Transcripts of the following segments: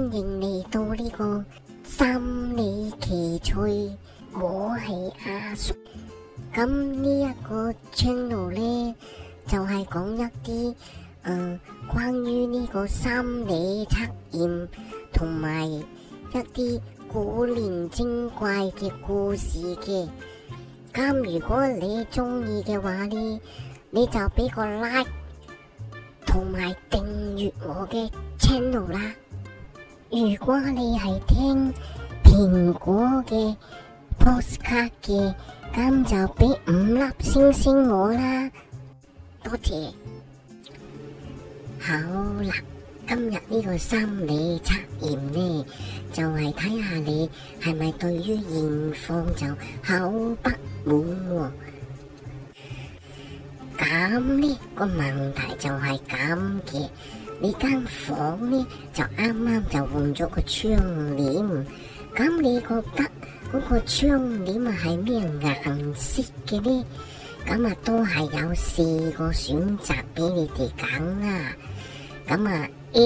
歡迎嚟到呢、這個心理奇趣，我係阿叔。咁呢一個 channel 咧，就係、是、講一啲誒、呃、關於呢、這個心理測驗同埋一啲古靈精怪嘅故事嘅。咁如果你中意嘅話呢，你就俾個 like 同埋訂閱我嘅 channel 啦。如果你係聽蘋果嘅 Postcard 嘅，咁就俾五粒星星我啦，多謝。好啦，今日呢個心理測驗呢，就係、是、睇下你係咪對於現況就好不滿、哦。咁呢個問題就係咁嘅。你間房咧就啱啱就換咗個窗簾，咁你覺得嗰個窗簾啊係咩顏色嘅呢？咁啊都係有四個選擇俾你哋揀啊！咁啊 A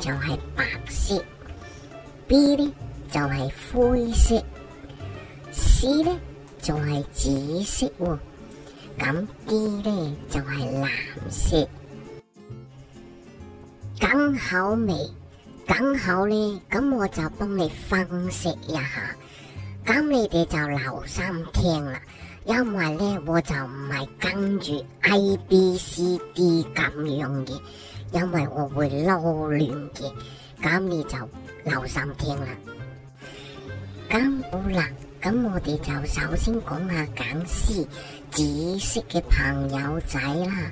就係白色，B 咧就係灰色，C 咧就係紫色，咁 D 咧就係藍色。講口味，講口咧，咁我就幫你分析一下，咁你哋就留心聽啦。因為咧，我就唔係跟住 A B C D 咁樣嘅，因為我會撈亂嘅，咁你就留心聽啦。咁好啦，咁我哋就首先講下揀紫色嘅朋友仔啦。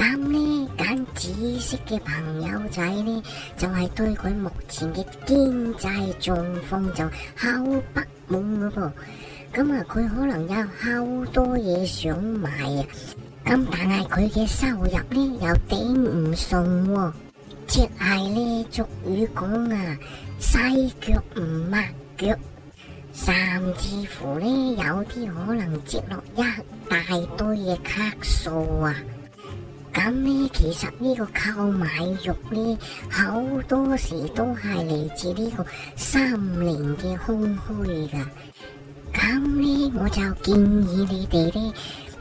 咁咧揀紫色嘅朋友仔咧，就係、是、對佢目前嘅經濟狀況就好不滿嘅噃。咁、嗯、啊，佢可能有好多嘢想買啊，咁、嗯、但係佢嘅收入咧又頂唔順。即係咧俗語講啊，洗腳唔抹腳，甚至乎咧有啲可能接落一大堆嘅卡數啊。咁咧，其實呢個購買慾咧，好多時都係嚟自呢個心靈嘅空虛噶。咁咧，我就建議你哋咧，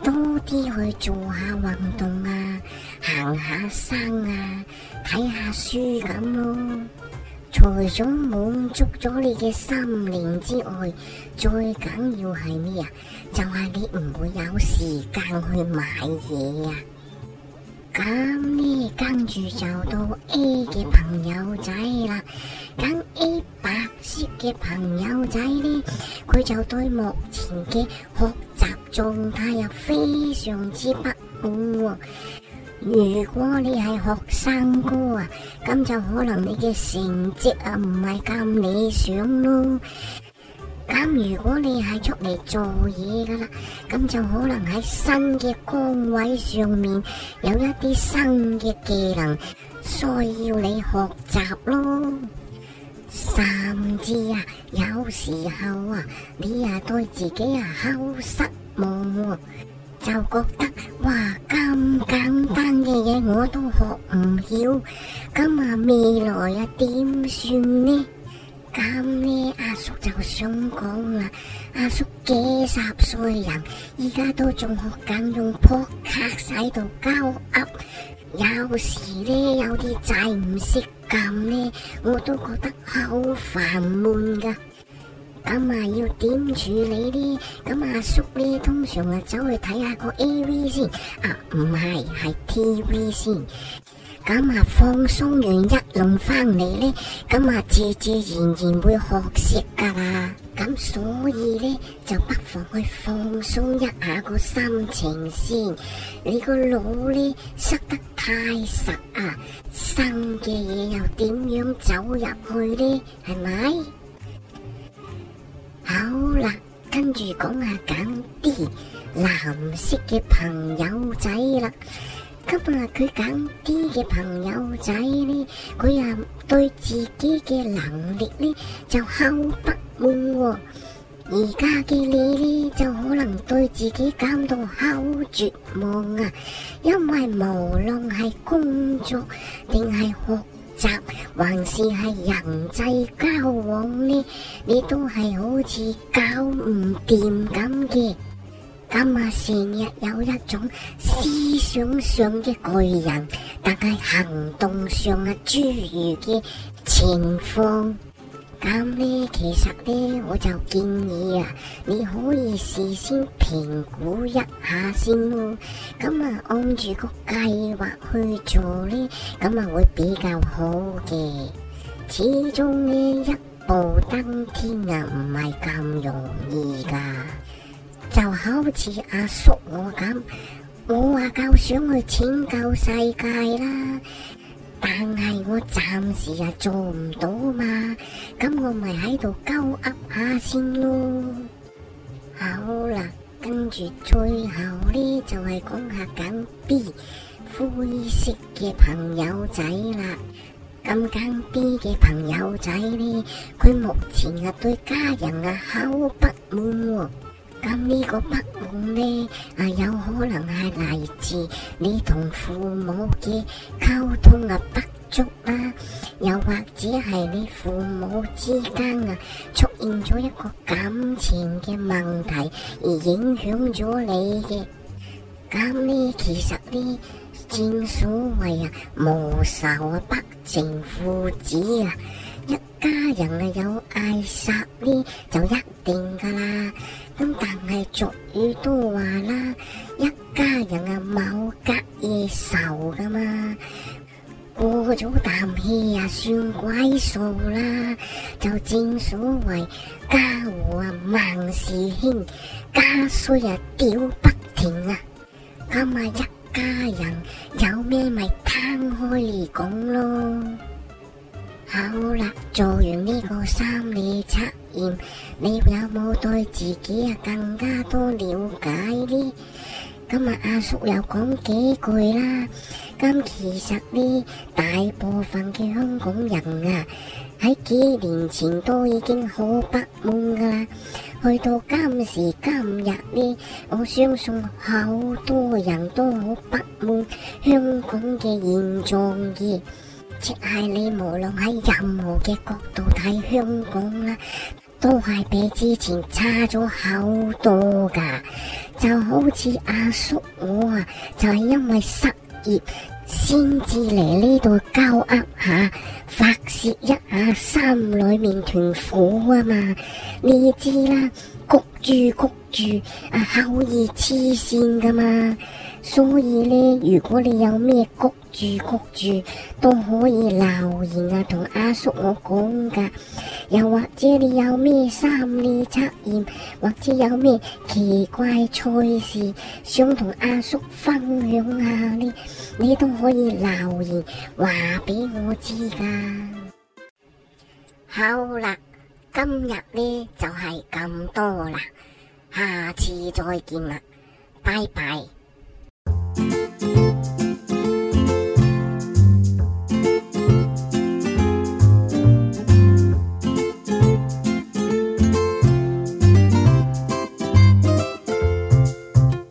多啲去做下運動啊，行下山啊，睇下書咁咯、哦。除咗滿足咗你嘅心靈之外，最緊要係咩啊？就係、是、你唔會有時間去買嘢啊！咁呢，跟住就到 A 嘅朋友仔啦，咁 A 白色嘅朋友仔呢，佢就對目前嘅學習狀態又非常之不滿喎。如果你係學生哥啊，咁就可能你嘅成績啊唔係咁理想咯。咁如果你係出嚟做嘢噶啦，咁就可能喺新嘅崗位上面有一啲新嘅技能需要你學習咯，甚至啊有時候啊你啊對自己啊好失望啊，就覺得哇，咁簡單嘅嘢我都學唔曉，咁啊未來啊點算呢？咁呢，阿叔就想講啦，阿叔幾十歲人，而家都仲學緊用撲卡洗到交鴨，有時呢，有啲仔唔識撳呢，我都覺得好煩悶噶。咁啊，要點處理呢？咁阿叔呢，通常啊走去睇下個 A V 先，啊唔係係 T V 先。咁啊，樣放鬆完一輪翻嚟呢。咁啊，自自然然會學識㗎啦。咁所以呢，就不妨去放鬆一下個心情先。你個腦呢，塞得太實啊，新嘅嘢又點樣走入去呢？係咪？好啦，跟住講下揀啲藍色嘅朋友仔啦。咁啊！佢揀啲嘅朋友仔呢，佢又對自己嘅能力呢，就好不滿。哦，而家嘅你呢，就可能對自己感到好絕望啊！因為無論係工作定係學習，還是係人際交往呢，你都係好似搞唔掂咁嘅。咁啊，成日、嗯、有一種思想上嘅巨人，但係行動上啊侏儒嘅情況。咁呢，其實呢，我就建議啊，你可以事先評估一下先咯。咁啊，按住個計劃去做呢，咁啊會比較好嘅。始終呢，一步登天啊，唔係咁容易噶。就好似阿叔我咁，我話夠想去拯救世界啦，但係我暫時啊做唔到嘛，咁、嗯、我咪喺度鳩噏下先咯。好啦，跟住最後呢，就係、是、講下緊 B 灰色嘅朋友仔啦。咁緊 B 嘅朋友仔呢，佢目前啊對家人啊好不滿、哦。咁呢個不滿呢，啊，有可能係嚟自你同父母嘅溝通啊不足啦、啊，又或者係你父母之間啊出現咗一個感情嘅問題，而影響咗你嘅。咁呢，其實呢正所謂啊，無仇、啊、不情父子啊。一家人啊有嗌殺呢，就一定噶啦。咁但係俗語都話啦，一家人啊冇隔夜仇噶嘛。過咗啖氣啊，算鬼數啦。就正所謂家和啊萬事興，家衰啊，屌，啊屌不停啊。咁啊，一家人有咩咪攤開嚟講咯。好啦，做完呢個心理測驗，你有冇對自己啊更加多了解呢？今日阿、啊、叔又講幾句啦。咁、嗯、其實呢，大部分嘅香港人啊，喺幾年前都已經好不滿噶啦，去到今時今日呢，我相信好多人都好不滿香港嘅現狀嘅。即係你無論喺任何嘅角度睇香港啦，都係比之前差咗好多噶。就好似阿叔我啊，就係、是、因為失業，先至嚟呢度交握下，發洩一下心裏面團火啊嘛。你知啦，谷住谷住啊，好易黐線噶嘛。所以呢，如果你有咩谷住谷住，都可以留言啊，同阿叔我講噶。又或者你有咩心理測驗，或者有咩奇怪趣事想同阿叔分享下呢，你都可以留言話俾我知噶。好啦，今日呢就係咁多啦，下次再見啦，拜拜。